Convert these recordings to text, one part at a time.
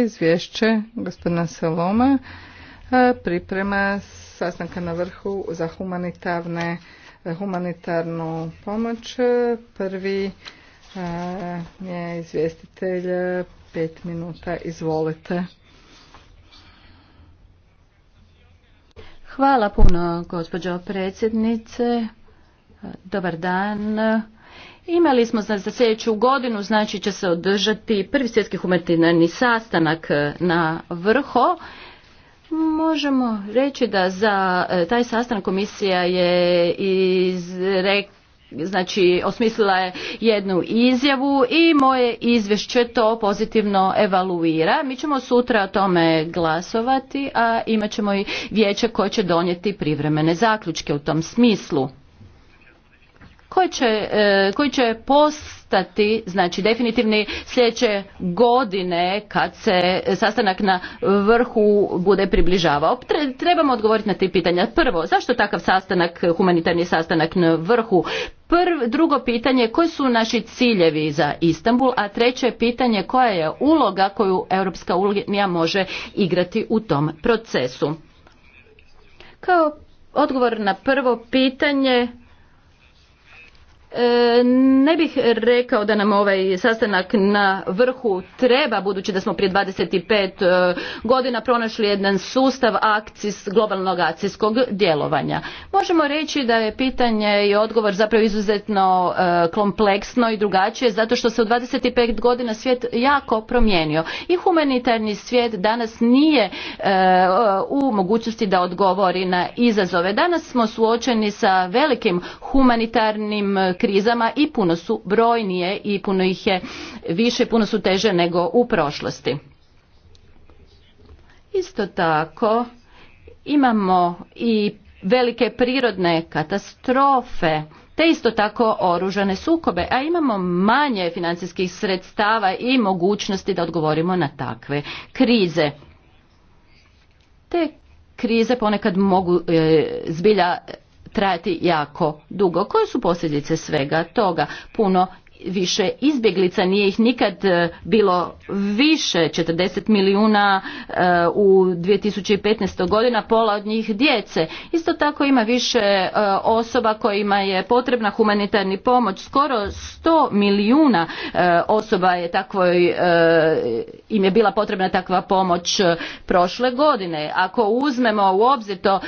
izvješće gospodina Seloma e, priprema sastanka na vrhu za humanitarne, e, humanitarnu pomoć. Prvi e, je izvjestitelj pet minuta. Izvolite. Hvala puno gospođo predsjednice. Dobar dan. Imali smo za sljedeću godinu, znači će se održati prvi svjetski humanitarni sastanak e, na vrho. Možemo reći da za e, taj sastanak komisija je izrekla znači osmislila je jednu izjavu i moje izvješće to pozitivno evaluira. Mi ćemo sutra o tome glasovati, a imat ćemo i vijeće koje će donijeti privremene zaključke u tom smislu koji će, e, koji će postati znači definitivni sljedeće godine kad se sastanak na vrhu bude približavao. Trebamo odgovoriti na tri pitanja. Prvo, zašto takav sastanak, humanitarni sastanak na vrhu? prvo drugo pitanje, koji su naši ciljevi za Istanbul? A treće pitanje, koja je uloga koju Europska unija može igrati u tom procesu? Kao odgovor na prvo pitanje, E, ne bih rekao da nam ovaj sastanak na vrhu treba, budući da smo prije 25 e, godina pronašli jedan sustav akcijs, globalnog akcijskog djelovanja. Možemo reći da je pitanje i odgovor zapravo izuzetno e, kompleksno i drugačije, zato što se u 25 godina svijet jako promijenio. I humanitarni svijet danas nije u mogućnosti da odgovori na izazove. Danas smo suočeni sa velikim humanitarnim krizama i puno su brojnije i puno ih je više, puno su teže nego u prošlosti. Isto tako imamo i velike prirodne katastrofe, te isto tako oružane sukobe, a imamo manje financijskih sredstava i mogućnosti da odgovorimo na takve krize. Te krize ponekad mogu e, zbilja trajati jako dugo. Koje su posljedice svega toga? Puno više izbjeglica, nije ih nikad e, bilo više, 40 milijuna e, u 2015. godina, pola od njih djece. Isto tako ima više e, osoba kojima je potrebna humanitarni pomoć, skoro 100 milijuna osoba je takvoj, im je bila potrebna takva pomoć prošle godine. Ako uzmemo u obzir to,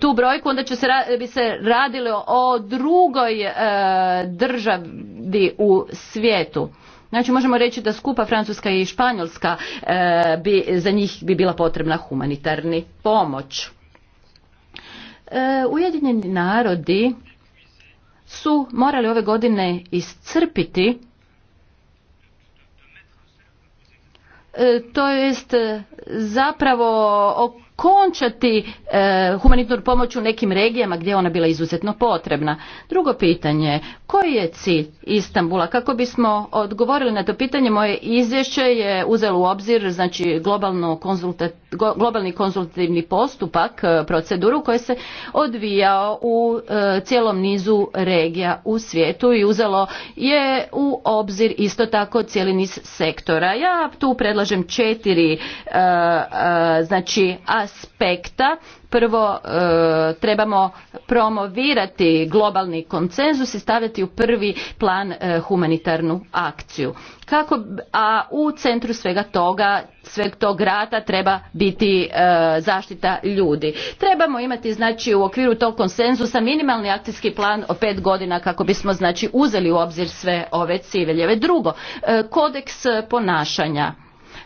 tu brojku, onda će se, bi se radilo o drugoj državi u svijetu. Znači možemo reći da skupa Francuska i Španjolska e, bi, za njih bi bila potrebna humanitarni pomoć. E, Ujedinjeni narodi su morali ove godine iscrpiti e, to jest e, zapravo končati e, humanitarnu pomoć u nekim regijama gdje je ona bila izuzetno potrebna. Drugo pitanje, koji je cilj Istambula? Kako bismo odgovorili na to pitanje, moje izvješće je uzelo u obzir znači, globalni konzultativni postupak, e, proceduru koji se odvijao u e, cijelom nizu regija u svijetu i uzelo je u obzir isto tako cijeli niz sektora. Ja tu predlažem četiri znači, a aspekta. Prvo e, trebamo promovirati globalni konsenzus i staviti u prvi plan e, humanitarnu akciju. Kako, a u centru svega toga, sveg tog rata treba biti e, zaštita ljudi. Trebamo imati znači u okviru tog konsenzusa minimalni akcijski plan o pet godina kako bismo znači uzeli u obzir sve ove ciljeve. Drugo, kodeks ponašanja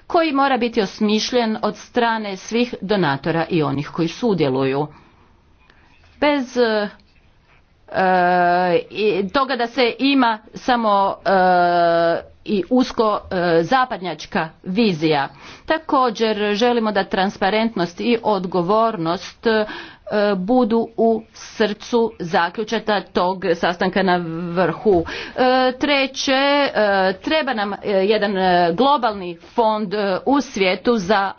koji mora biti osmišljen od strane svih donatora i onih koji sudjeluju. Bez e, e, toga da se ima samo e, i usko zapadnjačka vizija. Također želimo da transparentnost i odgovornost E, budu u srcu zaključata tog sastanka na vrhu. E, treće, e, treba nam jedan globalni fond u svijetu za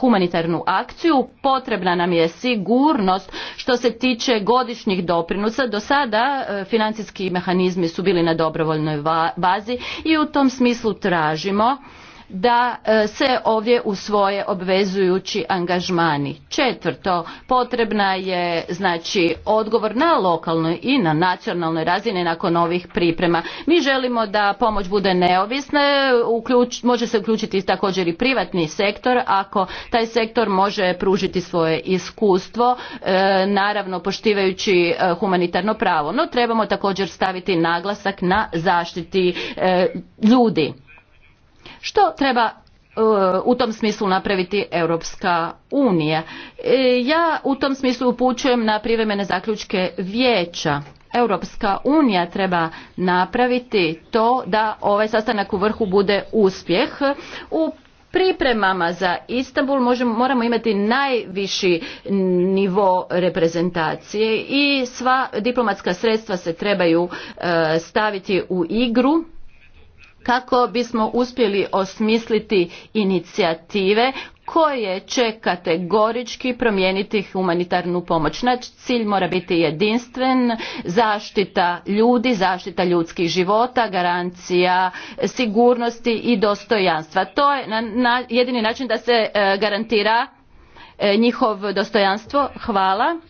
humanitarnu akciju. Potrebna nam je sigurnost što se tiče godišnjih doprinosa. Do sada financijski mehanizmi su bili na dobrovoljnoj bazi i u tom smislu tražimo da e, se ovdje usvoje obvezujući angažmani. Četvrto, potrebna je znači odgovor na lokalnoj i na nacionalnoj razini nakon ovih priprema. Mi želimo da pomoć bude neovisna, uključ, može se uključiti također i privatni sektor ako taj sektor može pružiti svoje iskustvo, e, naravno poštivajući e, humanitarno pravo. No trebamo također staviti naglasak na zaštiti ljudi. Što treba e, u tom smislu napraviti Europska unija. E, ja u tom smislu upućujem na privremene zaključke vijeća. Europska unija treba napraviti to da ovaj sastanak u vrhu bude uspjeh. U pripremama za Istanbul moramo imati najviši nivo reprezentacije i sva diplomatska sredstva se trebaju e, staviti u igru kako bismo uspjeli osmisliti inicijative koje će kategorički promijeniti humanitarnu pomoć. Znači, cilj mora biti jedinstven, zaštita ljudi, zaštita ljudskih života, garancija sigurnosti i dostojanstva. To je na, jedini način da se e, garantira e, njihov dostojanstvo. Hvala.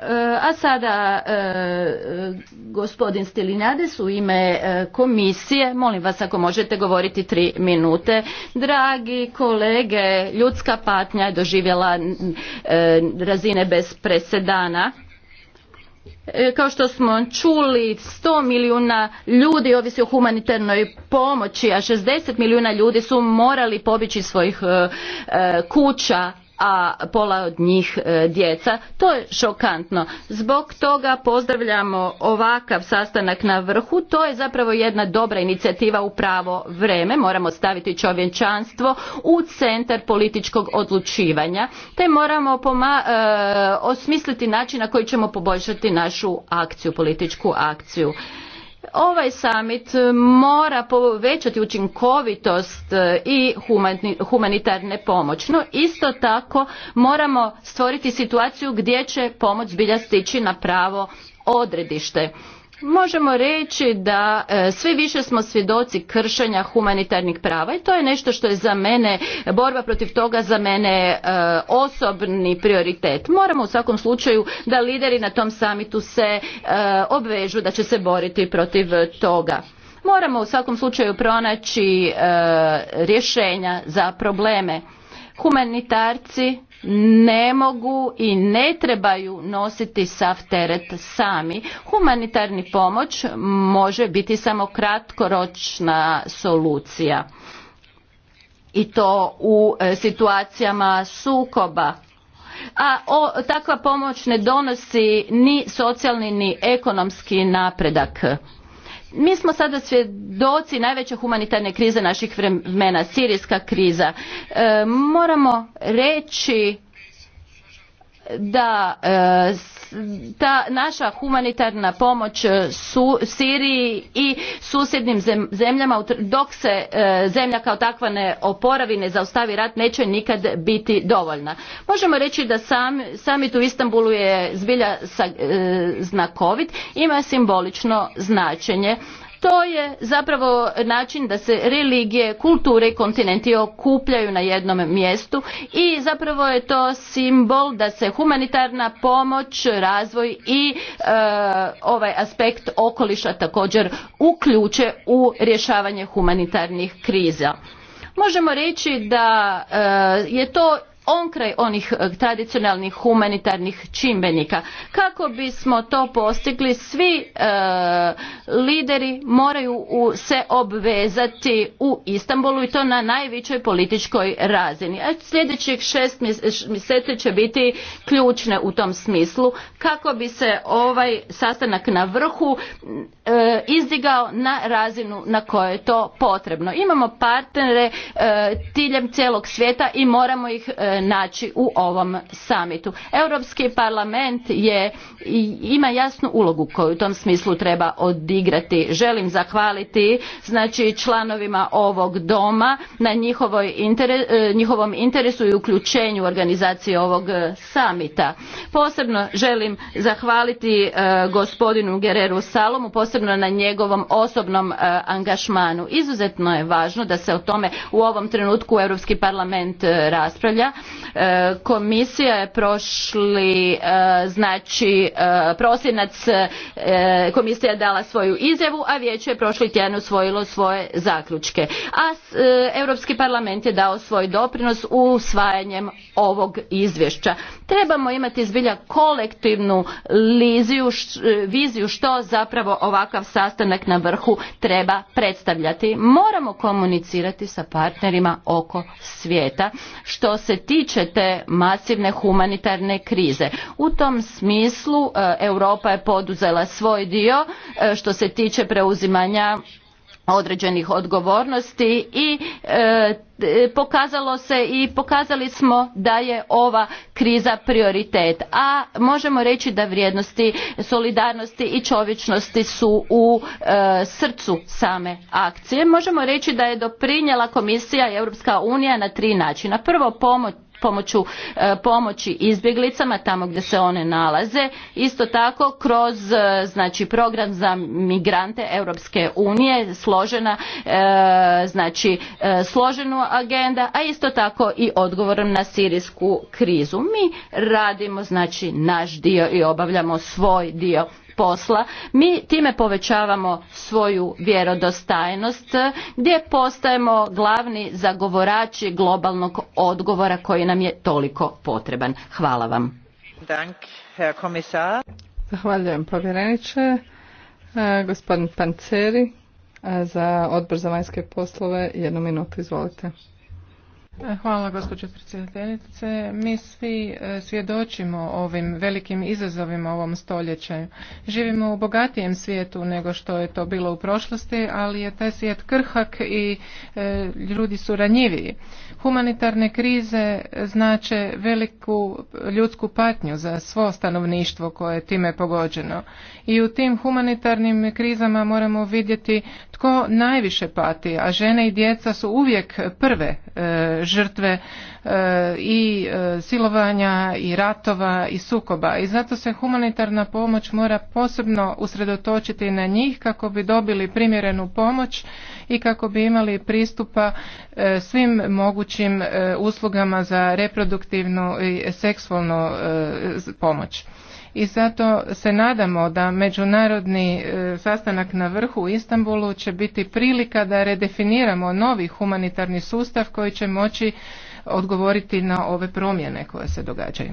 E, a sada e, gospodin Stilinjades u ime e, komisije, molim vas ako možete govoriti tri minute. Dragi kolege, ljudska patnja je doživjela razine bez presedana kao što smo čuli sto milijuna ljudi ovisi o humanitarnoj pomoći a 60 milijuna ljudi su morali pobići svojih kuća a pola od njih e, djeca. To je šokantno. Zbog toga pozdravljamo ovakav sastanak na vrhu. To je zapravo jedna dobra inicijativa u pravo vreme. Moramo staviti čovječanstvo u centar političkog odlučivanja te moramo e, osmisliti način na koji ćemo poboljšati našu akciju, političku akciju. Ovaj summit mora povećati učinkovitost e, i humanitarne pomoć. No isto tako moramo stvoriti situaciju gdje će pomoć zbilja stići na pravo odredište Možemo reći da e, svi sve više smo svjedoci kršenja humanitarnih prava i to je nešto što je za mene, borba protiv toga za mene e, osobni prioritet. Moramo u svakom slučaju da lideri na tom samitu se e, obvežu da će se boriti protiv toga. Moramo u svakom slučaju pronaći rješenja za probleme. Humanitarci ne mogu i ne trebaju nositi sav teret sami. Humanitarni pomoć može biti samo kratkoročna solucija i to u e, situacijama sukoba a o, takva pomoć ne donosi ni socijalni ni ekonomski napredak mi smo sada svjedoci najveće humanitarne krize naših vremena sirijska kriza e, moramo reći da e, ta naša humanitarna pomoć e, Siriji i susjednim zemljama dok se e, zemlja kao takva ne oporavi, ne zaustavi rat neće nikad biti dovoljna. Možemo reći da sam, u Istanbulu je zbilja sa, znakovit, ima simbolično značenje to je zapravo način da se religije, kulture i kontinenti okupljaju na jednom mjestu i zapravo je to simbol da se humanitarna pomoć, razvoj i e, ovaj aspekt okoliša također uključe u rješavanje humanitarnih kriza možemo reći da e, je to onkraj onih eh, tradicionalnih humanitarnih čimbenika. Kako bismo to postigli, svi eh, lideri moraju se obvezati u Istanbulu i to na najvećoj političkoj razini. A sljedećih šest mjeseci će biti ključne u tom smislu kako bi se ovaj sastanak na vrhu eh, izdigao na razinu na kojoj je to potrebno. Imamo partnere e, tiljem cijelog svijeta i moramo ih naći u ovom samitu. Europski parlament je, ima jasnu ulogu koju u tom smislu treba odigrati. Želim zahvaliti znači članovima ovog doma na e, njihovom interesu i uključenju organizacije ovog e, samita. Posebno želim zahvaliti e, gospodinu Gereru Salomu, posebno na njegovom osobnom angažmanu. Izuzetno je važno da se o tome u ovom trenutku Europski parlament raspravlja E, komisija je prošli e, znači e, prosinac komisija je dala svoju izjavu, a vijeće je prošli tjedan usvojilo svoje zaključke. A Europski parlament je dao svoj doprinos usvajanjem ovog izvješća. Trebamo imati zbilja kolektivnu viziju što zapravo ovakav sastanak na vrhu treba predstavljati. Moramo komunicirati sa partnerima oko svijeta. Što se ti tiče te masivne humanitarne krize. U tom smislu e, Europa je poduzela svoj dio e, što se tiče preuzimanja određenih odgovornosti i e, pokazalo se i pokazali smo da je ova kriza prioritet a možemo reći da vrijednosti solidarnosti i čovječnosti su u srcu same akcije možemo reći da je doprinjela komisija i europska unija na tri načina prvo pomoć pomoću e, pomoći izbjeglicama tamo gdje se one nalaze isto tako kroz e, znači program za migrante Europske unije složena e, znači složenu agenda a isto tako i odgovorom na sirijsku krizu mi radimo znači naš dio i obavljamo svoj dio posla, mi time povećavamo svoju vjerodostajnost gdje postajemo glavni zagovorači globalnog odgovora koji nam je toliko potreban. Hvala vam. Zahvaljujem povjereniče. E, gospodin Panceri e, za odbor za vanjske poslove. Jednu minutu, izvolite. E, hvala gospođo predsjedateljice. Mi svi e, svjedočimo ovim velikim izazovima ovom stoljeću. Živimo u bogatijem svijetu nego što je to bilo u prošlosti, ali je taj svijet krhak i e, ljudi su ranjiviji. Humanitarne krize znače veliku ljudsku patnju za svo stanovništvo koje je time pogođeno. I u tim humanitarnim krizama moramo vidjeti tko najviše pati, a žene i djeca su uvijek prve e, žrtve e, i e, silovanja i ratova i sukoba i zato se humanitarna pomoć mora posebno usredotočiti na njih kako bi dobili primjerenu pomoć i kako bi imali pristupa e, svim mogućim uslugama za reproduktivnu i seksualnu pomoć i zato se nadamo da međunarodni e, sastanak na vrhu u Istanbulu će biti prilika da redefiniramo novi humanitarni sustav koji će moći odgovoriti na ove promjene koje se događaju.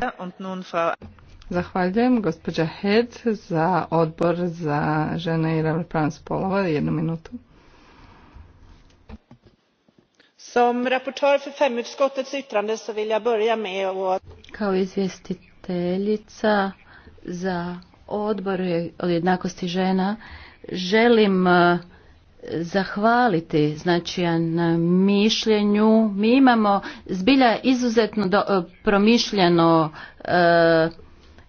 Zahvaljujem gospođa Head za odbor za žene i ravnopravnost spolova. Jednu minutu. Som rapportör för femutskottets yttrande så vill jag börja med att... Kao izvjestiteljica za odbor od jednakosti žena želim e, zahvaliti znači na mišljenju mi imamo zbilja izuzetno e, promišljeno e,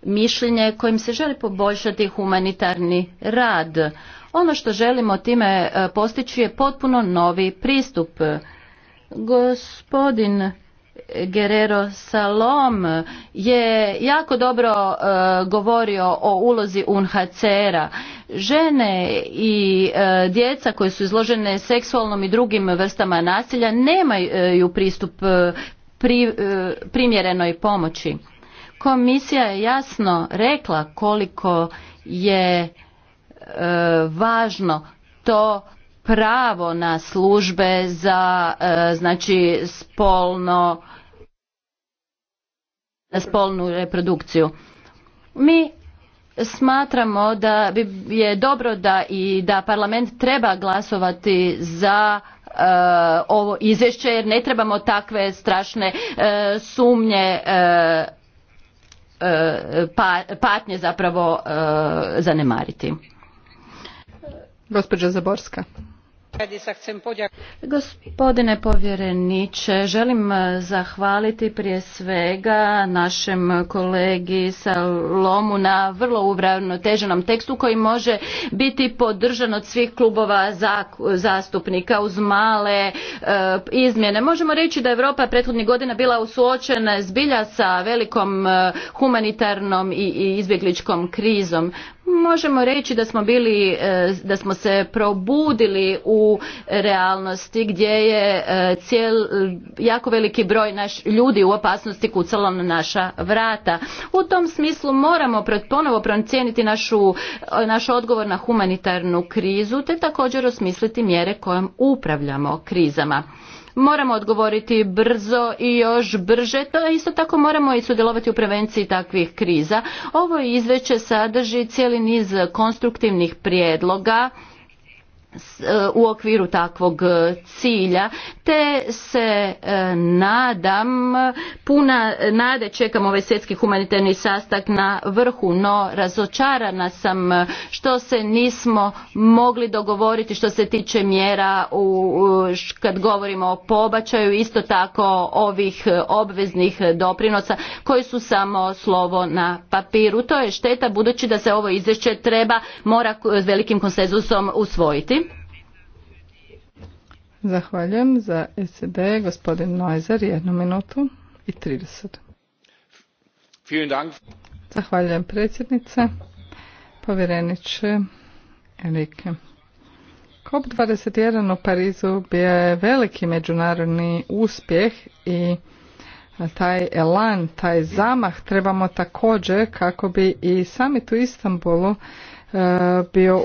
mišljenje kojim se želi poboljšati humanitarni rad ono što želimo time postići je potpuno novi pristup gospodin Guerrero Salom je jako dobro e, govorio o ulozi UNHCR-a. Žene i e, djeca koje su izložene seksualnom i drugim vrstama nasilja nemaju pristup e, primjerenoj pomoći. Komisija je jasno rekla koliko je važno to pravo na službe za e, znači spolno spolnu reprodukciju. Mi smatramo da je dobro da i da parlament treba glasovati za e, ovo izvješće jer ne trebamo takve strašne e, sumnje pa, patnje zapravo zanemariti. Gospođa Zaborska. Gospodine povjereniče, želim eh, zahvaliti prije svega našem kolegi Salomu na vrlo uravnoteženom tekstu koji može biti podržan od svih klubova zastupnika uz male eh, izmjene. Možemo reći da je Europa prethodnih godina bila suočena zbilja sa velikom eh, humanitarnom i izbjegličkom krizom možemo reći da smo bili e, da smo se probudili u realnosti gdje je e, cijel jako veliki broj naš ljudi u opasnosti kucalo na naša vrata u tom smislu moramo ponovo procijeniti našu e, naš odgovor na humanitarnu krizu te također osmisliti mjere kojom upravljamo krizama Moramo odgovoriti brzo i još brže, to isto tako moramo i sudjelovati u prevenciji takvih kriza. Ovo izveće sadrži cijeli niz konstruktivnih prijedloga E, u okviru takvog e, cilja te se e, nadam puna nade čekam ovaj svjetski humanitarni sastak na vrhu no razočarana sam što se nismo mogli dogovoriti što se tiče mjera u, kad govorimo o pobačaju isto tako ovih obveznih doprinosa koji su samo slovo na papiru to je šteta budući da se ovo izvješće treba mora velikim konsenzusom usvojiti Zahvaljujem za SED, gospodin Noizer, jednu minutu i 30. Zahvaljujem predsjednice, povjereniče Enrique. COP21 u Parizu bio je veliki međunarodni uspjeh i taj elan, taj zamah trebamo također kako bi i samitu u Istanbulu E, bio,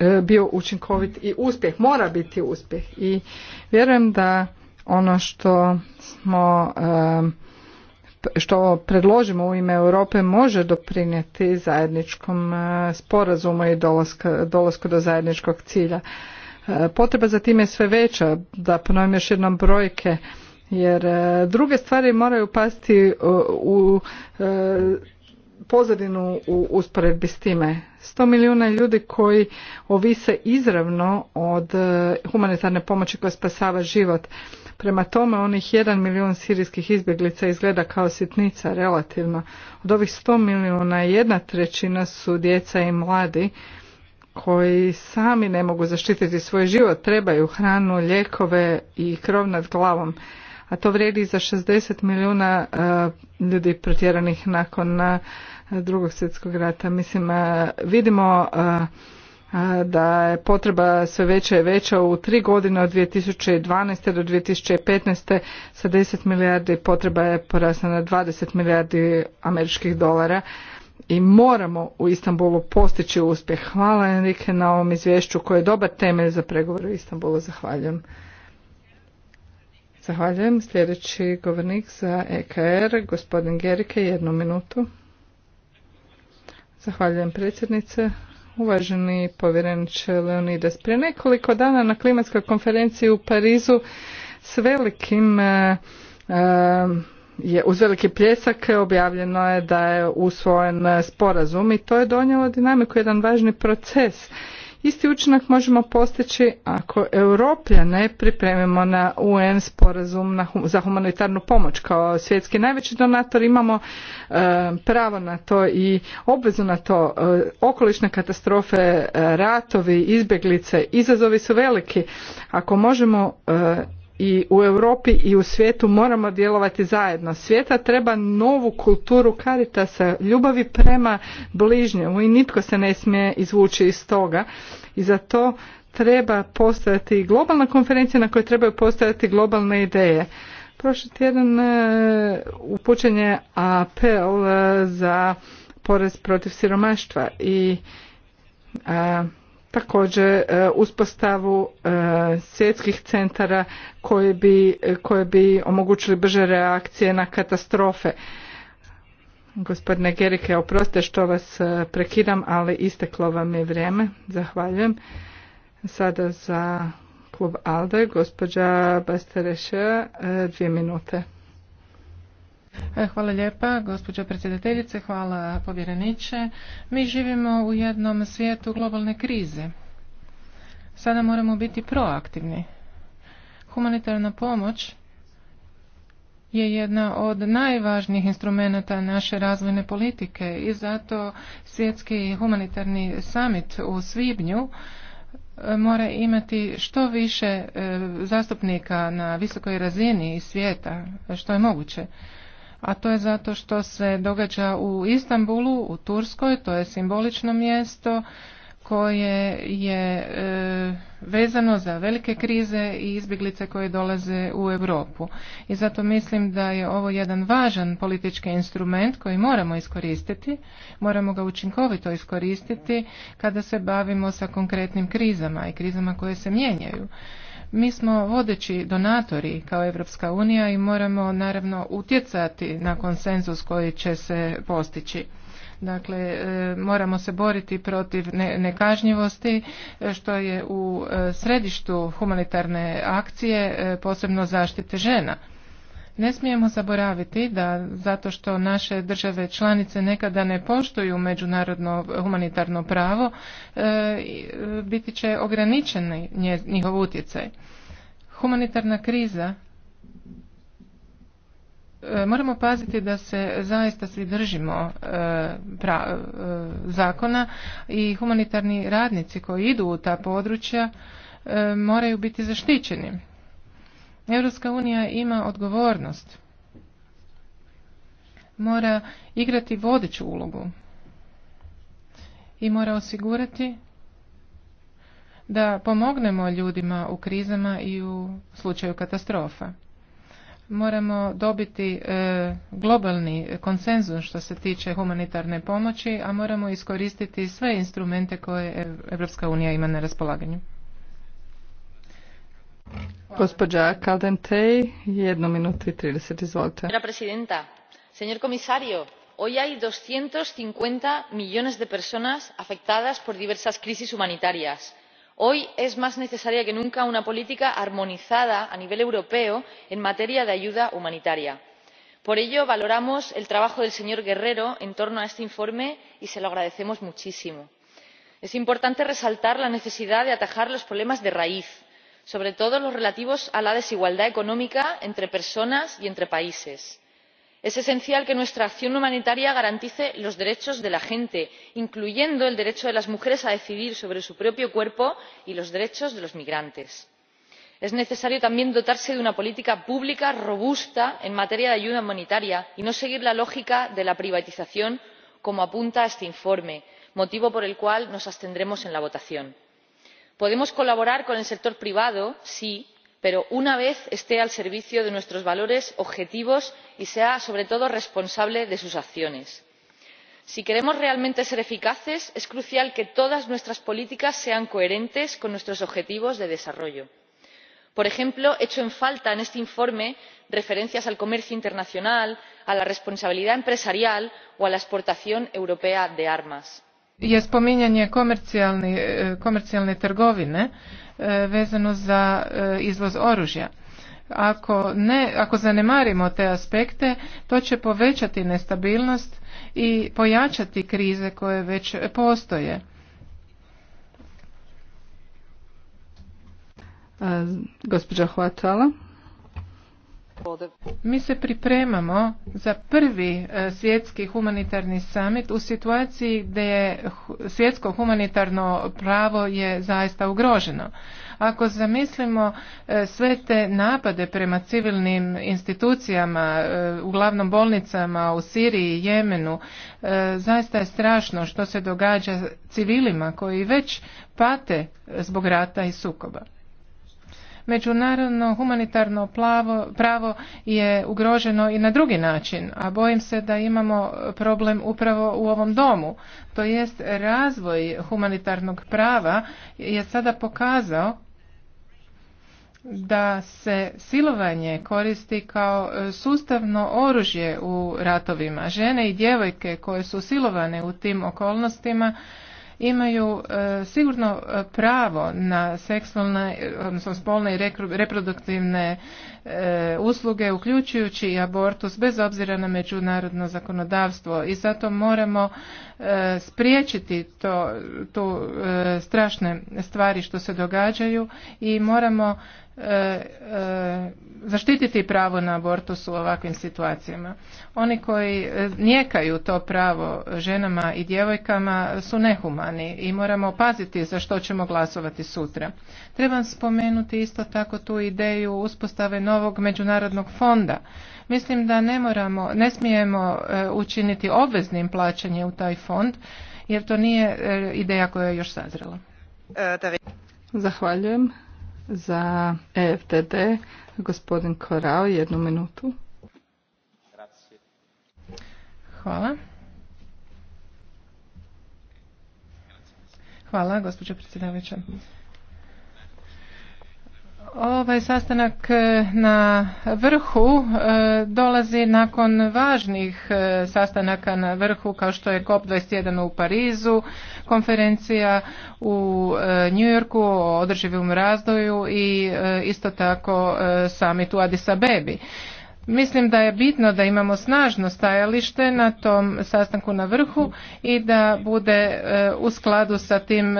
e, bio učinkovit i uspjeh, mora biti uspjeh. I vjerujem da ono što smo e, što predložimo u ime Europe može doprinijeti zajedničkom sporazumu i dolasku do zajedničkog cilja. Potreba za time je sve veća, da ponovim još jednom brojke, jer druge stvari moraju pasti u pozadinu u usporedbi s time. 100 milijuna ljudi koji ovise izravno od e, humanitarne pomoći koja spasava život. Prema tome onih 1 milijun sirijskih izbjeglica izgleda kao sitnica relativno. Od ovih 100 milijuna jedna trećina su djeca i mladi koji sami ne mogu zaštititi svoj život, trebaju hranu, ljekove i krov nad glavom a to vrijedi za 60 milijuna e, ljudi protjeranih nakon e, drugog svjetskog rata. Mislim, e, vidimo da je potreba sve veća i veća u tri godine od 2012. do 2015. sa 10 milijardi potreba je porasla na 20 milijardi američkih dolara i moramo u Istanbulu postići uspjeh. Hvala Enrique na ovom izvješću koje je dobar temelj za pregovore u Istanbulu. Zahvaljujem. Zahvaljujem. Sljedeći govornik za EKR, gospodin Gerike, jednu minutu. Zahvaljujem predsjednice. Uvaženi povjereniče leonides prije nekoliko dana na klimatskoj konferenciji u Parizu s velikim e, e, je uz veliki pljesak objavljeno je da je usvojen sporazum i to je donijelo dinamiku jedan važni proces Isti učinak možemo postići ako ne pripremimo na UN sporazum za humanitarnu pomoć. Kao svjetski najveći donator imamo e, pravo na to i obvezu na to. E, okolišne katastrofe, e, ratovi, izbjeglice, izazovi su veliki. Ako možemo e, i u Europi i u svijetu moramo djelovati zajedno. Svijeta treba novu kulturu karitasa, ljubavi prema bližnjemu i nitko se ne smije izvući iz toga. I za to treba postojati globalna konferencija na kojoj trebaju postojati globalne ideje. Prošli tjedan e, upućen je apel e, za porez protiv siromaštva i e, također e, uspostavu e, svjetskih centara koji bi, e, koje bi omogućili brže reakcije na katastrofe. Gospodine Gerike, oprostite što vas prekidam, ali isteklo vam je vrijeme. Zahvaljujem. Sada za klub ALDE, gospođa Bastereša, dvije minute. E, hvala lijepa, gospođo predsjedateljice, hvala povjereniče. Mi živimo u jednom svijetu globalne krize. Sada moramo biti proaktivni. Humanitarna pomoć je jedna od najvažnijih instrumenata naše razvojne politike i zato svjetski humanitarni summit u Svibnju e, mora imati što više e, zastupnika na visokoj razini svijeta, što je moguće a to je zato što se događa u Istanbulu, u Turskoj, to je simbolično mjesto koje je e, vezano za velike krize i izbjeglice koje dolaze u Europu. I zato mislim da je ovo jedan važan politički instrument koji moramo iskoristiti, moramo ga učinkovito iskoristiti kada se bavimo sa konkretnim krizama i krizama koje se mijenjaju. Mi smo vodeći donatori kao Evropska unija i moramo naravno utjecati na konsenzus koji će se postići. Dakle, e, moramo se boriti protiv nekažnjivosti e, što je u e, središtu humanitarne akcije posebno zaštite žena. Ne smijemo zaboraviti da zato što naše države članice nekada ne poštuju međunarodno humanitarno pravo, e, biti će ograničeni njihov utjecaj. Humanitarna kriza e, moramo paziti da se zaista svi držimo e, zakona i humanitarni radnici koji idu u ta područja moraju biti zaštićeni Europska unija ima odgovornost. Mora igrati vodeću ulogu i mora osigurati da pomognemo ljudima u krizama i u slučaju katastrofa. Moramo dobiti e, globalni konsenzus što se tiče humanitarne pomoći, a moramo iskoristiti sve instrumente koje Europska unija ima na raspolaganju. Señora i presidenta, señor comisario, hoy hay 250 millones de personas afectadas por diversas crisis humanitarias. Hoy es más necesaria que nunca una política armonizada a nivel europeo en materia de ayuda humanitaria. Por ello, valoramos el trabajo del señor Guerrero en torno a este informe y se lo agradecemos muchísimo. Es importante resaltar la necesidad de atajar los problemas de raíz sobre todo los relativos a la desigualdad económica entre personas y entre países. es esencial que nuestra acción humanitaria garantice los derechos de la gente incluyendo el derecho de las mujeres a decidir sobre su propio cuerpo y los derechos de los migrantes. es necesario también dotarse de una política pública robusta en materia de ayuda humanitaria y no seguir la lógica de la privatización como apunta este informe motivo por el cual nos abstendremos en la votación podemos colaborar con el sector privado sí pero una vez esté al servicio de nuestros valores objetivos y sea sobre todo responsable de sus acciones. si queremos realmente ser eficaces es crucial que todas nuestras políticas sean coherentes con nuestros objetivos de desarrollo. por ejemplo echo en falta en este informe referencias al comercio internacional a la responsabilidad empresarial o a la exportación europea de armas je spominjanje e, komercijalne trgovine e, vezano za e, izvoz oružja. Ako, ne, ako zanemarimo te aspekte, to će povećati nestabilnost i pojačati krize koje već postoje. Hvatala. Mi se pripremamo za prvi e, svjetski humanitarni summit u situaciji gdje je svjetsko humanitarno pravo je zaista ugroženo. Ako zamislimo e, sve te napade prema civilnim institucijama, e, uglavnom bolnicama u Siriji i Jemenu, zaista je strašno što se događa civilima koji već pate zbog rata i sukoba međunarodno humanitarno pravo je ugroženo i na drugi način, a bojim se da imamo problem upravo u ovom domu. To jest razvoj humanitarnog prava je sada pokazao da se silovanje koristi kao e, sustavno oružje u ratovima. Žene i djevojke koje su silovane u tim okolnostima imaju e, sigurno e, pravo na seksualne, odnosno spolne i reproduktivne e, usluge, uključujući i abortus, bez obzira na međunarodno zakonodavstvo i zato moramo spriječiti to, tu strašne stvari što se događaju i moramo E, e, zaštititi pravo na abortus u ovakvim situacijama. Oni koji e, nijekaju to pravo ženama i djevojkama su nehumani i moramo paziti za što ćemo glasovati sutra. Trebam spomenuti isto tako tu ideju uspostave novog međunarodnog fonda. Mislim da ne moramo, ne smijemo učiniti obveznim plaćanje u taj fond jer to nije ideja koja je još sazrela. Zahvaljujem. Za EFTD, gospodin Korao, jednu minutu. Hvala. Hvala, gospođo predsjedavajuća. Ovaj sastanak e, na vrhu e, dolazi nakon važnih e, sastanaka na vrhu kao što je COP21 u Parizu, konferencija u New Yorku o održivom razdoju i isto tako summit u Addis Abebi. Mislim da je bitno da imamo snažno stajalište na tom sastanku na vrhu i da bude u skladu sa tim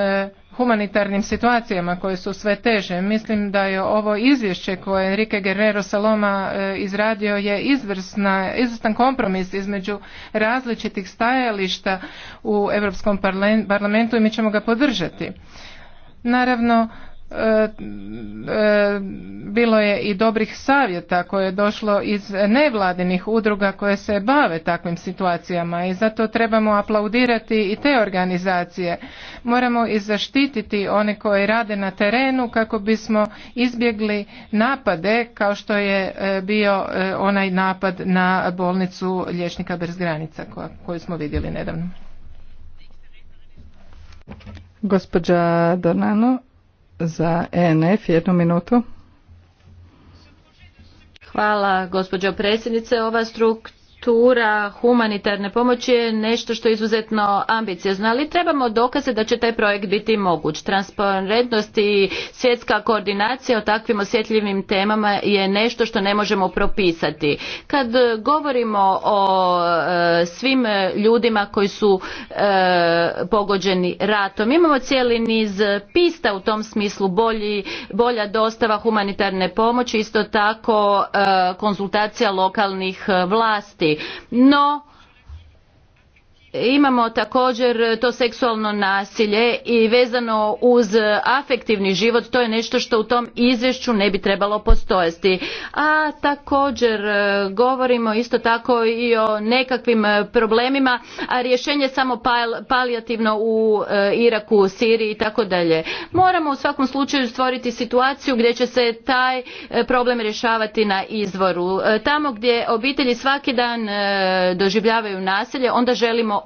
humanitarnim situacijama koje su sve teže. Mislim da je ovo izvješće koje Enrique Guerrero Saloma e, izradio je izvrsna, izvrstan kompromis između različitih stajališta u Europskom parlamentu i mi ćemo ga podržati. Naravno, E, e, bilo je i dobrih savjeta koje je došlo iz nevladinih udruga koje se bave takvim situacijama i zato trebamo aplaudirati i te organizacije. Moramo i zaštititi one koji rade na terenu kako bismo izbjegli napade kao što je e, bio onaj napad na bolnicu Lječnika bez granica koju smo vidjeli nedavno. Gospođa Donano, za ENF, jednu minutu. Hvala gospođo predsjednice. Ova struktura struktura humanitarne pomoći je nešto što je izuzetno ambiciozno, ali trebamo dokaze da će taj projekt biti moguć. Transparentnost i svjetska koordinacija o takvim osjetljivim temama je nešto što ne možemo propisati. Kad govorimo o e, svim ljudima koji su e, pogođeni ratom, imamo cijeli niz pista u tom smislu bolji, bolja dostava humanitarne pomoći, isto tako e, konzultacija lokalnih vlasti no, Imamo također to seksualno nasilje i vezano uz afektivni život, to je nešto što u tom izvješću ne bi trebalo postojati. A također e, govorimo isto tako i o nekakvim e, problemima, a rješenje samo palijativno u e, Iraku, Siriji i tako dalje. Moramo u svakom slučaju stvoriti situaciju gdje će se taj problem rješavati na izvoru. Tamo gdje obitelji svaki dan doživljavaju nasilje, onda želimo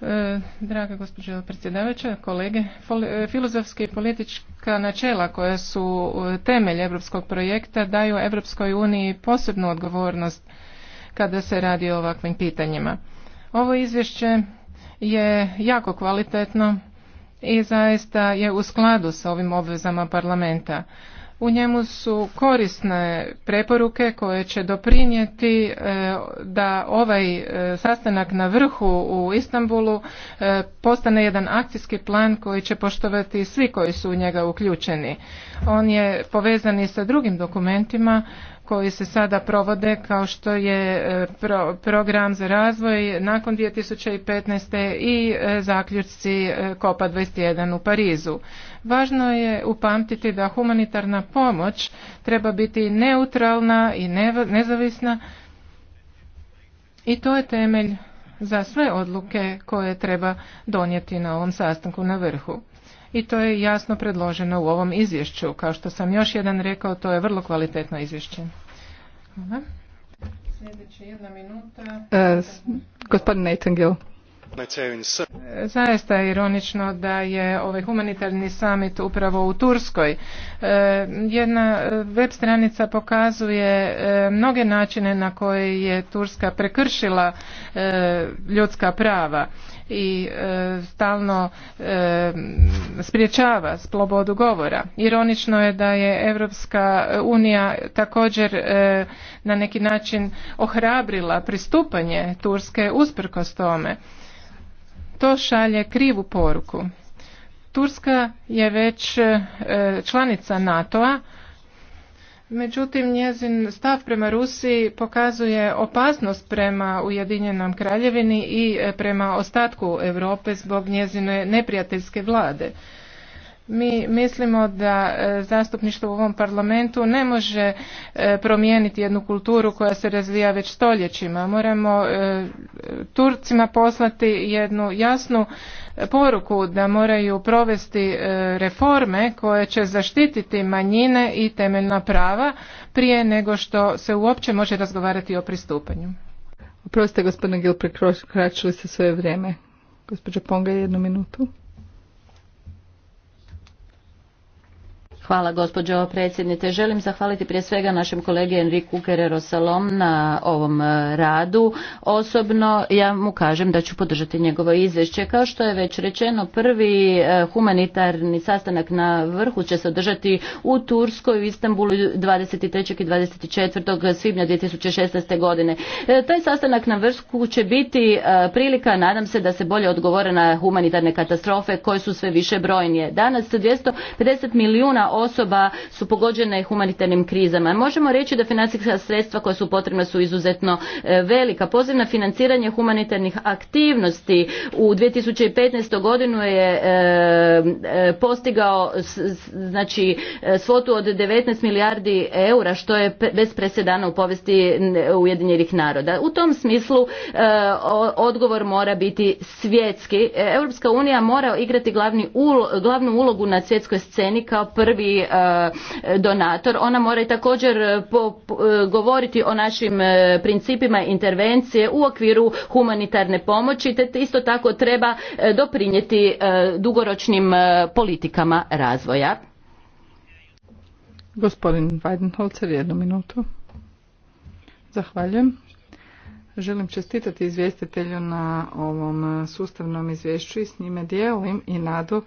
E, draga gospođo predsjedavajuća, kolege, e, Filozofska i politička načela koja su e, temelj europskog projekta daju Europskoj uniji posebnu odgovornost kada se radi o ovakvim pitanjima. Ovo izvješće je jako kvalitetno i zaista je u skladu sa ovim obvezama parlamenta. U njemu su korisne preporuke koje će doprinijeti e, da ovaj e, sastanak na vrhu u Istanbulu e, postane jedan akcijski plan koji će poštovati svi koji su u njega uključeni. On je povezan i sa drugim dokumentima koji se sada provode kao što je program za razvoj nakon 2015. i zaključci COP21 u Parizu. Važno je upamtiti da humanitarna pomoć treba biti neutralna i nezavisna i to je temelj za sve odluke koje treba donijeti na ovom sastanku na vrhu. I to je jasno predloženo u ovom izvješću. Kao što sam još jedan rekao, to je vrlo kvalitetno izvješće. Hvala. jedna minuta. E, gospodin Nightingale. E, zaista je ironično da je ovaj humanitarni summit upravo u Turskoj. E, jedna web stranica pokazuje e, mnoge načine na koje je Turska prekršila ljudska prava i stalno sprječava spriječava slobodu govora. Ironično je da je Europska unija također na neki način ohrabrila pristupanje Turske usprkos tome. To šalje krivu poruku. Turska je već e, članica NATO-a, međutim njezin stav prema Rusiji pokazuje opasnost prema Ujedinjenom kraljevini i e, prema ostatku Europe zbog njezine neprijateljske vlade mi mislimo da e, zastupništvo u ovom parlamentu ne može e, promijeniti jednu kulturu koja se razvija već stoljećima moramo e, turcima poslati jednu jasnu poruku da moraju provesti reforme koje će zaštititi manjine i temeljna prava prije nego što se uopće može razgovarati o pristupanju oprostite gospodine Gil prekračili ste svoje vrijeme gospođo ponga jednu minutu Hvala gospođo predsjednice. Želim zahvaliti prije svega našem kolegi Enriku Guerrero Salom na ovom e, radu. Osobno ja mu kažem da ću podržati njegovo izvješće. Kao što je već rečeno, prvi e, humanitarni sastanak na vrhu će se održati u Turskoj u Istanbulu 23. i 24. svibnja 2016. godine. E, taj sastanak na vrhu će biti prilika, nadam se da se bolje odgovore na humanitarne katastrofe koje su sve više brojnije. Danas 250 milijuna osoba su pogođene humanitarnim krizama. Možemo reći da financijska sredstva koja su potrebna su izuzetno e, velika. Poziv na financiranje humanitarnih aktivnosti u 2015. godinu je e, e, postigao znači svotu od 19 milijardi eura što je bez presedana u povesti Ujedinjenih naroda. U tom smislu odgovor mora biti svjetski. Europska unija mora igrati glavnu ulogu na svjetskoj sceni kao prvi i e, donator ona mora i također e, e, govoriti o našim principima intervencije u okviru humanitarne pomoći te isto tako treba doprinijeti dugoročnim politikama razvoja. Gospodin Weidenholzer, jednu minutu. Zahvaljujem. Želim čestitati izvjestitelju na ovom sustavnom izvješću i s njime dijelim i nadu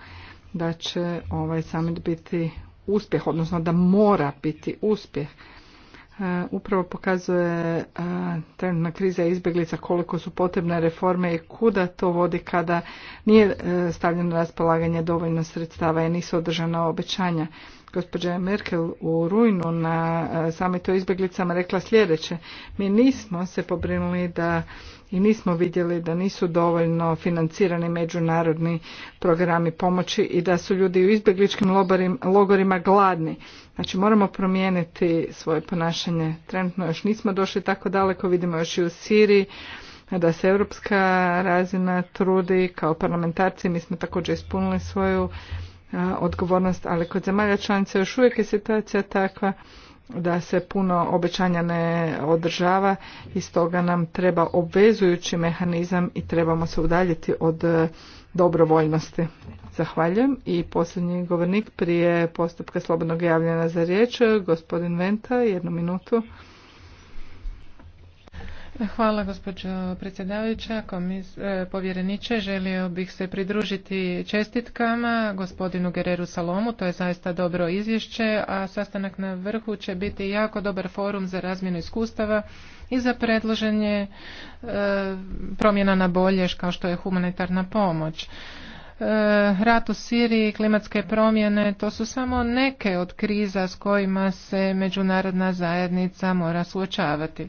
da će ovaj summit biti uspjeh, odnosno da mora biti uspjeh. E, upravo pokazuje e, trenutna kriza izbjeglica koliko su potrebne reforme i kuda to vodi kada nije e, stavljeno raspolaganje dovoljno sredstava i nisu održana obećanja. Gospođa Merkel u rujnu na samitu izbjeglicama rekla sljedeće. Mi nismo se pobrinuli da i nismo vidjeli da nisu dovoljno financirani međunarodni programi pomoći i da su ljudi u izbjegličkim logorima gladni. Znači moramo promijeniti svoje ponašanje. Trenutno još nismo došli tako daleko, vidimo još i u Siriji da se europska razina trudi kao parlamentarci, mi smo također ispunili svoju odgovornost, ali kod zemalja članica još uvijek je situacija takva da se puno obećanja ne održava i stoga nam treba obvezujući mehanizam i trebamo se udaljiti od e, dobrovoljnosti. Zahvaljujem i posljednji govornik prije postupka slobodnog javljanja za riječ, gospodin Venta, jednu minutu. Hvala gospođo predsjedavajuća, komis, e, povjereniče. Želio bih se pridružiti čestitkama gospodinu Gereru Salomu, to je zaista dobro izvješće, a sastanak na vrhu će biti jako dobar forum za razmjenu iskustava i za predloženje e, promjena na bolje kao što je humanitarna pomoć e, rat u Siriji, klimatske promjene, to su samo neke od kriza s kojima se međunarodna zajednica mora suočavati.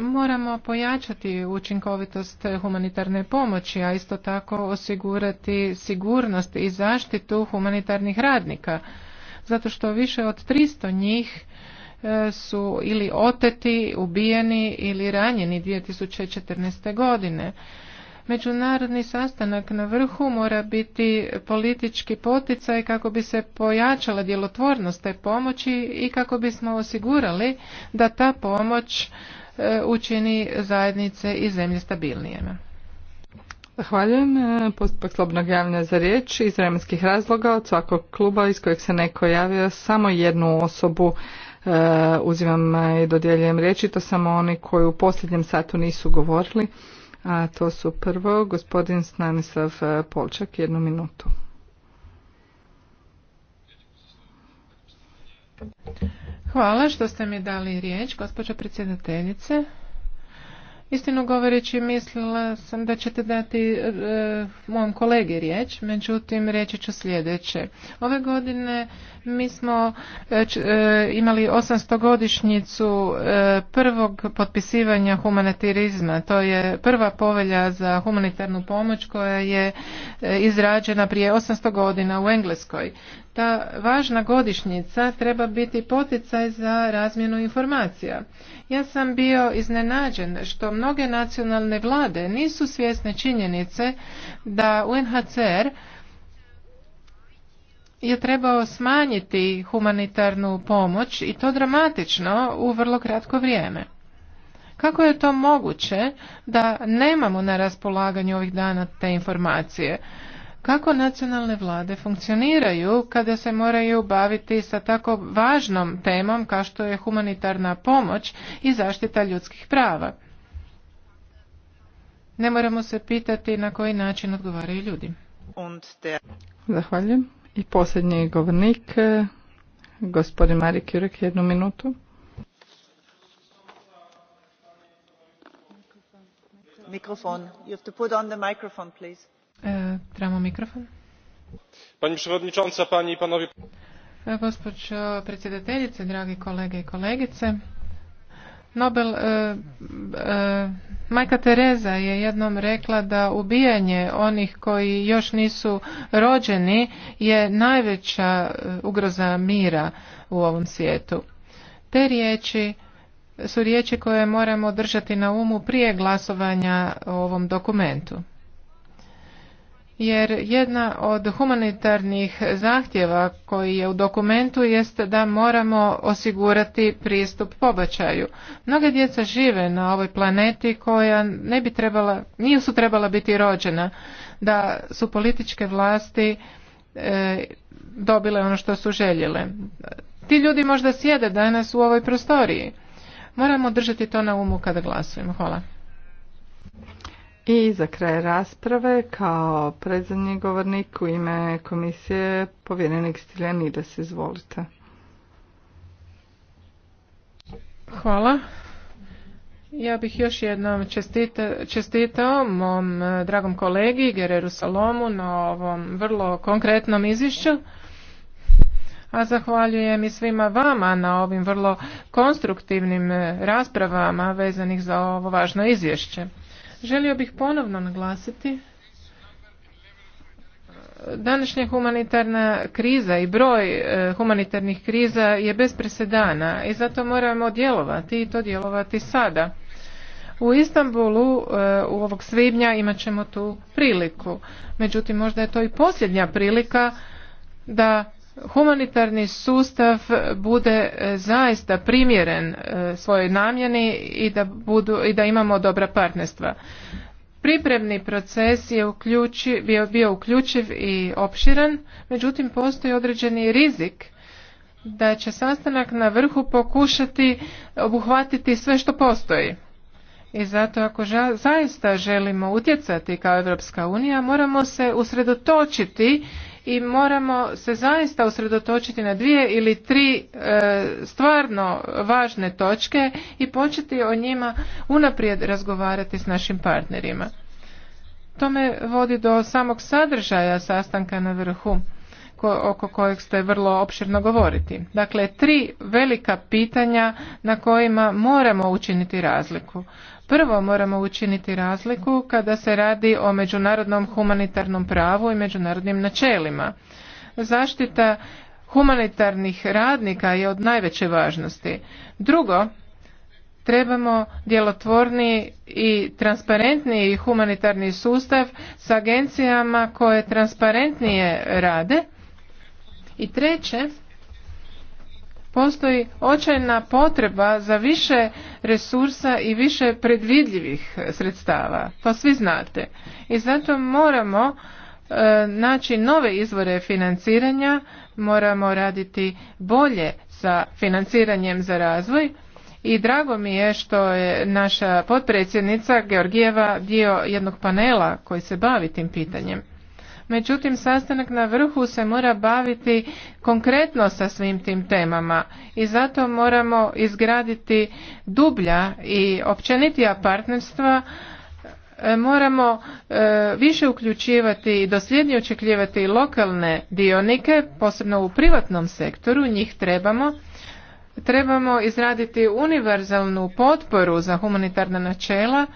Moramo pojačati učinkovitost humanitarne pomoći, a isto tako osigurati sigurnost i zaštitu humanitarnih radnika, zato što više od 300 njih e, su ili oteti, ubijeni ili ranjeni 2014. godine. Međunarodni sastanak na vrhu mora biti politički poticaj kako bi se pojačala djelotvornost te pomoći i kako bismo osigurali da ta pomoć E, učini zajednice i zemlje stabilnijima. Zahvaljujem. E, postupak slobodnog javljanja za riječ iz vremenskih razloga od svakog kluba iz kojeg se neko javio samo jednu osobu e, uzimam i dodjeljujem riječi. To samo oni koji u posljednjem satu nisu govorili. A to su prvo gospodin Stanislav Polčak, jednu minutu. Hvala što ste mi dali riječ, gospođo predsjedateljice. Istinu govoreći mislila sam da ćete dati e, mom kolegi riječ, međutim reći ću sljedeće. Ove godine mi smo e, e, imali 800 godišnjicu e, prvog potpisivanja humanitarizma. To je prva povelja za humanitarnu pomoć koja je izrađena prije 800 godina u Engleskoj. Ta važna godišnjica treba biti poticaj za razmjenu informacija. Ja sam bio iznenađen što mnogo mnoge nacionalne vlade nisu svjesne činjenice da UNHCR je trebao smanjiti humanitarnu pomoć i to dramatično u vrlo kratko vrijeme. Kako je to moguće da nemamo na raspolaganju ovih dana te informacije? Kako nacionalne vlade funkcioniraju kada se moraju baviti sa tako važnom temom kao što je humanitarna pomoć i zaštita ljudskih prava? Ne moramo se pitati na koji način odgovaraju ljudi. Zahvaljujem. I posljednji govornik, eh, gospodin Mari jurek jednu minutu. Mikrofon. You have to put on the microphone, please. E, trebamo mikrofon. Pani przewodnicząca, pani i panowie. E, gospođo predsjedateljice, dragi kolege i kolegice, Nobel, e, e, majka Tereza je jednom rekla da ubijanje onih koji još nisu rođeni je najveća e, ugroza mira u ovom svijetu. Te riječi su riječi koje moramo držati na umu prije glasovanja o ovom dokumentu jer jedna od humanitarnih zahtjeva koji je u dokumentu jest da moramo osigurati pristup pobačaju. Mnoge djeca žive na ovoj planeti koja ne bi trebala, nisu trebala biti rođena, da su političke vlasti e, dobile ono što su željele. Ti ljudi možda sjede danas u ovoj prostoriji. Moramo držati to na umu kada glasujemo. Hvala. I za kraj rasprave, kao predzadnji govornik u ime komisije, povjerenik se izvolite. Hvala. Ja bih još jednom čestitao mom e, dragom kolegi Gereru Salomu na ovom vrlo konkretnom izvješću. A zahvaljujem i svima vama na ovim vrlo konstruktivnim e, raspravama vezanih za ovo važno izvješće. Želio bih ponovno naglasiti e, današnja humanitarna kriza i broj e, humanitarnih kriza je bez presedana i zato moramo djelovati i to djelovati sada. U Istanbulu e, u ovog svibnja imat ćemo tu priliku. Međutim, možda je to i posljednja prilika da humanitarni sustav bude e, zaista primjeren e, svojoj namjeni i da, budu, i da imamo dobra partnerstva. Pripremni proces je uključi, bio, bio uključiv i opširan, međutim postoji određeni rizik da će sastanak na vrhu pokušati obuhvatiti sve što postoji. I zato ako zaista želimo utjecati kao Europska unija, moramo se usredotočiti i moramo se zaista usredotočiti na dvije ili tri e, stvarno važne točke i početi o njima unaprijed razgovarati s našim partnerima. To me vodi do samog sadržaja sastanka na vrhu oko kojeg ste vrlo opširno govoriti. Dakle, tri velika pitanja na kojima moramo učiniti razliku. Prvo moramo učiniti razliku kada se radi o međunarodnom humanitarnom pravu i međunarodnim načelima. Zaštita humanitarnih radnika je od najveće važnosti. Drugo, trebamo djelotvorni i transparentni humanitarni sustav s agencijama koje transparentnije rade. I treće, postoji očajna potreba za više resursa i više predvidljivih sredstava to svi znate i zato moramo e, naći nove izvore financiranja moramo raditi bolje sa financiranjem za razvoj i drago mi je što je naša potpredsjednica Georgijeva dio jednog panela koji se bavi tim pitanjem međutim sastanak na vrhu se mora baviti konkretno sa svim tim temama i zato moramo izgraditi dublja i općenitija partnerstva e, moramo e, više uključivati i dosljednije očekivati lokalne dionike posebno u privatnom sektoru njih trebamo trebamo izraditi univerzalnu potporu za humanitarna načela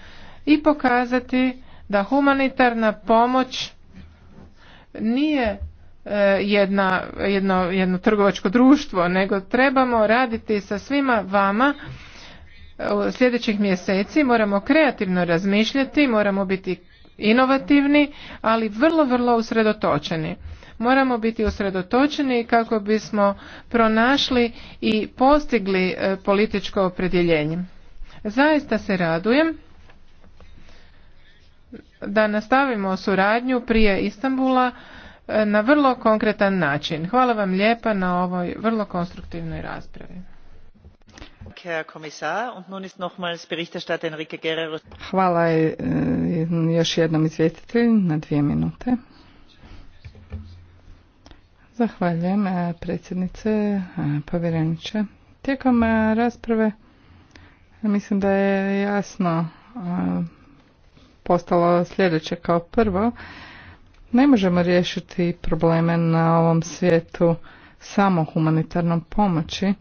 i pokazati da humanitarna pomoć nije e, jedna, jedno, jedno trgovačko društvo, nego trebamo raditi sa svima vama e, u sljedećih mjeseci, moramo kreativno razmišljati, moramo biti inovativni, ali vrlo, vrlo usredotočeni. Moramo biti usredotočeni kako bismo pronašli i postigli e, političko opredjeljenje. Zaista se radujem da nastavimo suradnju prije Istanbula e, na vrlo konkretan način. Hvala vam lijepa na ovoj vrlo konstruktivnoj raspravi. Hvala e, još jednom izvjetitelju na dvije minute. Zahvaljujem e, predsjednice, povjereniče. Tijekom rasprave mislim da je jasno postala sljedeće kao prvo. Ne možemo riješiti probleme na ovom svijetu samo humanitarnom pomoći.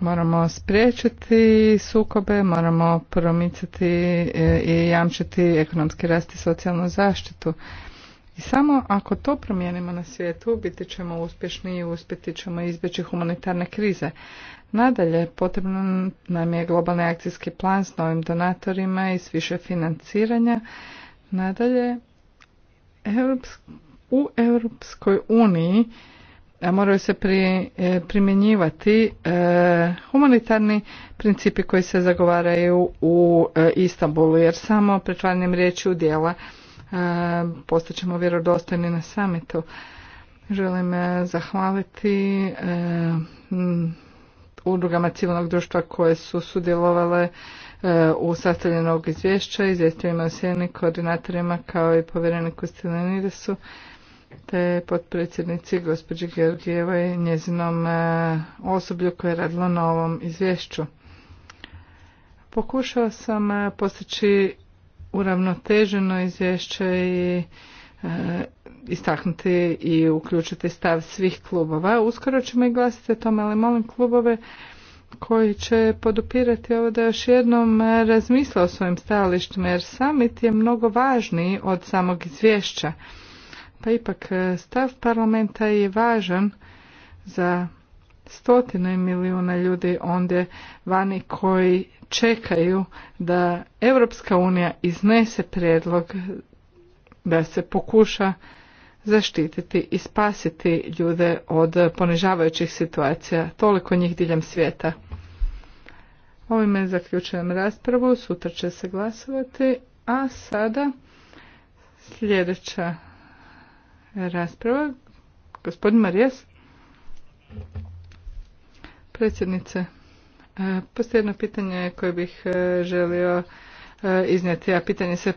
Moramo spriječiti sukobe, moramo promicati e, i jamčiti ekonomski rast i socijalnu zaštitu. I samo ako to promijenimo na svijetu, biti ćemo uspješni i uspjeti ćemo izbjeći humanitarne krize. Nadalje, potrebno nam je globalni akcijski plan s novim donatorima i s više financiranja. Nadalje, u Europskoj uniji moraju se e, primjenjivati e, humanitarni principi koji se zagovaraju u e, Istanbulu, jer samo pretvaranjem riječi u dijela E, postaćemo vjerodostojni na samitu. Želim e, zahvaliti e, udrugama civilnog društva koje su sudjelovale u sastavljanju ovog izvješća, izvjestivima ima koordinatorima kao i povjereniku Stilenidesu te potpredsjednici gospođi Georgijevoj njezinom osoblju koje je radilo na ovom izvješću. Pokušao sam postići uravnoteženo izvješće i e, istaknuti i uključiti stav svih klubova. Uskoro ćemo i glasiti o tome, ali molim klubove koji će podupirati ovo da još jednom razmisle o svojim stajalištima, jer summit je mnogo važniji od samog izvješća. Pa ipak e, stav parlamenta je važan za stotine milijuna ljudi ondje vani koji čekaju da Europska unija iznese prijedlog da se pokuša zaštititi i spasiti ljude od ponižavajućih situacija, toliko njih diljem svijeta. Ovime zaključujem raspravu, sutra će se glasovati, a sada sljedeća rasprava. Gospodin Marijas. Predsjednice. E, postoje jedno pitanje koje bih e, želio e, iznijeti, a pitanje, se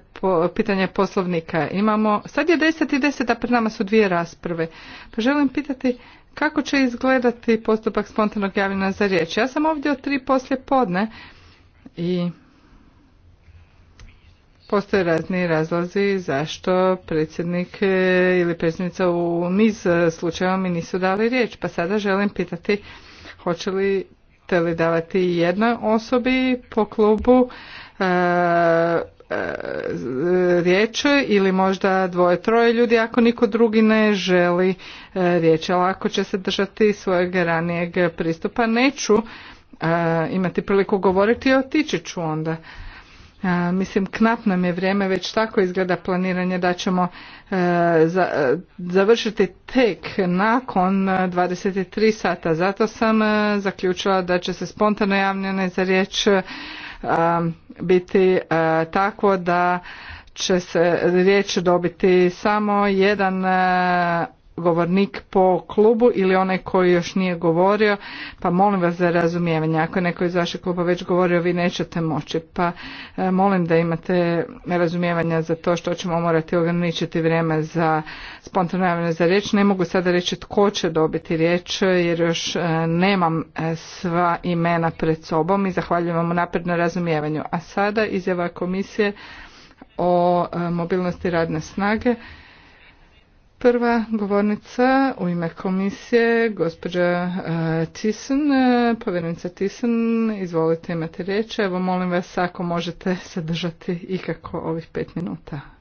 pitanje poslovnika. Imamo, sad je 10 i 10, a pred nama su dvije rasprave. Pa želim pitati kako će izgledati postupak spontanog javljena za riječ. Ja sam ovdje od tri poslje podne i Postoje razni razlozi zašto predsjednik ili predsjednica u niz slučajeva mi nisu dali riječ, pa sada želim pitati hoće li htjeli davati jednoj osobi po klubu e, e ili možda dvoje, troje ljudi ako niko drugi ne želi e, riječ. Ali ako će se držati svojeg ranijeg pristupa neću e, imati priliku govoriti i otići ću onda mislim, knap nam je vrijeme, već tako izgleda planiranje da ćemo e, e, završiti tek nakon 23 e, sata. Zato sam zaključila da će se spontano javljene za riječ biti tako da će se riječ dobiti samo jedan govornik po klubu ili onaj koji još nije govorio, pa molim vas za razumijevanje. Ako je neko iz vašeg kluba već govorio, vi nećete moći, pa e, molim da imate razumijevanja za to što ćemo morati ograničiti vrijeme za spontano za riječ. Ne mogu sada reći tko će dobiti riječ, jer još e, nemam e, sva imena pred sobom i zahvaljujem vam napred na razumijevanju. A sada izjava komisije o mobilnosti radne snage. Prva govornica u ime komisije, gospođa e, Thyssen, e, povjerenica Tissen, izvolite imate riječ. Evo molim vas ako možete sadržati ikako ovih pet minuta.